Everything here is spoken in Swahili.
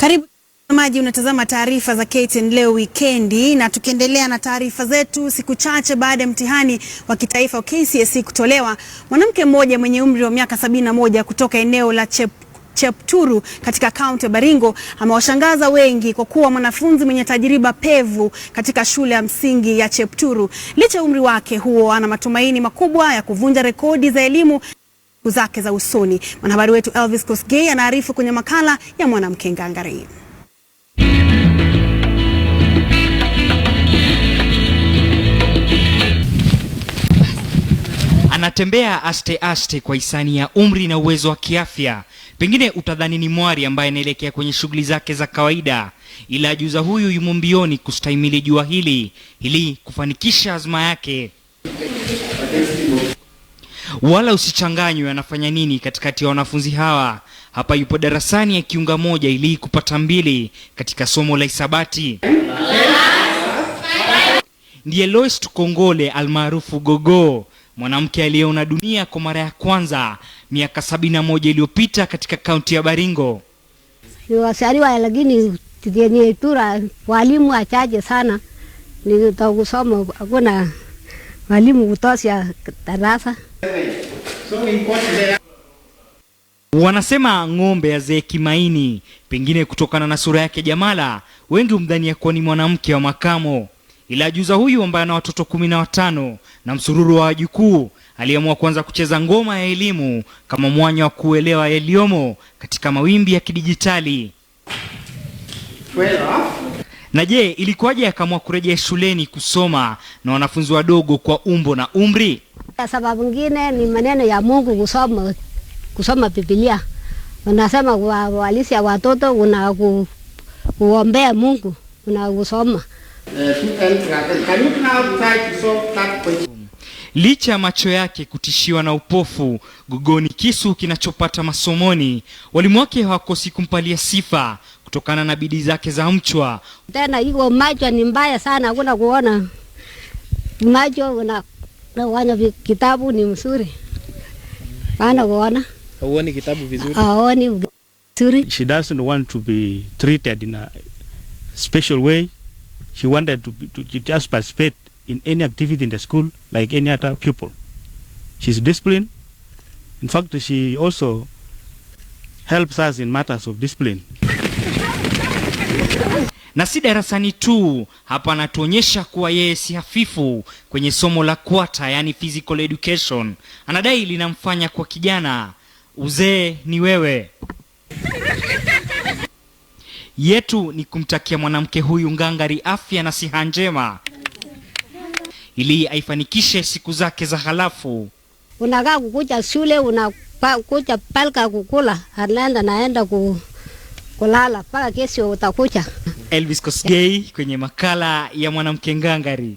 Karibu maji unatazama taarifa za KTN leo wikendi, na tukiendelea na taarifa zetu, siku chache baada ya mtihani wa kitaifa wa KCSE kutolewa, mwanamke mmoja mwenye umri wa miaka 71 kutoka eneo la Chep Chepturu katika kaunti ya Baringo amewashangaza wengi kwa kuwa mwanafunzi mwenye tajriba pevu katika shule ya msingi ya Chepturu. Licha ya umri wake huo, ana matumaini makubwa ya kuvunja rekodi za elimu zake za usoni. Mwanahabari wetu Elvis Kosgei anaarifu kwenye makala ya Mwanamke Ngangari. Anatembea aste aste kwa hisani ya umri na uwezo wa kiafya. Pengine utadhani ni mwari ambaye anaelekea kwenye shughuli zake za kawaida, ila juza huyu yumo mbioni kustahimili jua hili ili kufanikisha azma yake wala usichanganywe anafanya nini katikati ya wanafunzi hawa. Hapa yupo darasani akiunga moja ili kupata mbili katika somo la hisabati. Ndiye Lois Tukongole almaarufu Gogo, mwanamke aliyeona dunia kwa mara ya kwanza miaka sabina na moja iliyopita katika kaunti ya Baringo. Niwasaliwa lakini tura walimu wachache sana, nitakusoma hakuna walimu kutosha darasa. Wanasema ng'ombe ya zee Kimaini, pengine kutokana na sura yake Jamala, wengi humdhania kuwa ni mwanamke wa makamo, ila juza huyu ambaye ana watoto kumi na watano na msururu wa wajukuu aliamua kuanza kucheza ngoma ya elimu kama mwanya wa kuelewa yaliyomo katika mawimbi ya kidijitali. Na je, ilikuwaje akaamua kurejea shuleni kusoma na wanafunzi wadogo kwa umbo na umri? Sababu nyingine ni maneno ya Mungu, kusoma kusoma Biblia unasema walisi ya watoto una ku, kuombea Mungu una kusoma. Licha ya macho yake kutishiwa na upofu, Gogo kisu kinachopata masomoni. Walimu wake hawakosi kumpalia sifa kutokana na bidii zake za mchwa. Tena hiyo macho ni mbaya sana, hakuna kuona macho una naanya kitabu ni mzuri, hana kuona huoni kitabu vizuri, haoni vizuri. She doesn't want to be treated in a special way. She wanted to, be, to just participate in any activity in the school like any other pupil. She's disciplined. In fact, she also helps us in matters of discipline na si darasani tu. Hapa anatuonyesha kuwa yeye si hafifu kwenye somo la kwata, yani physical education. Anadai linamfanya kwa kijana, uzee ni wewe yetu ni kumtakia mwanamke huyu ngangari afya na siha njema ili aifanikishe siku zake za halafu. Unakaa kukuja shule, unakuja palka kukula, anaenda naenda kulala mpaka kesi utakuja. Elvis Kosgei kwenye makala ya mwanamke ngangari.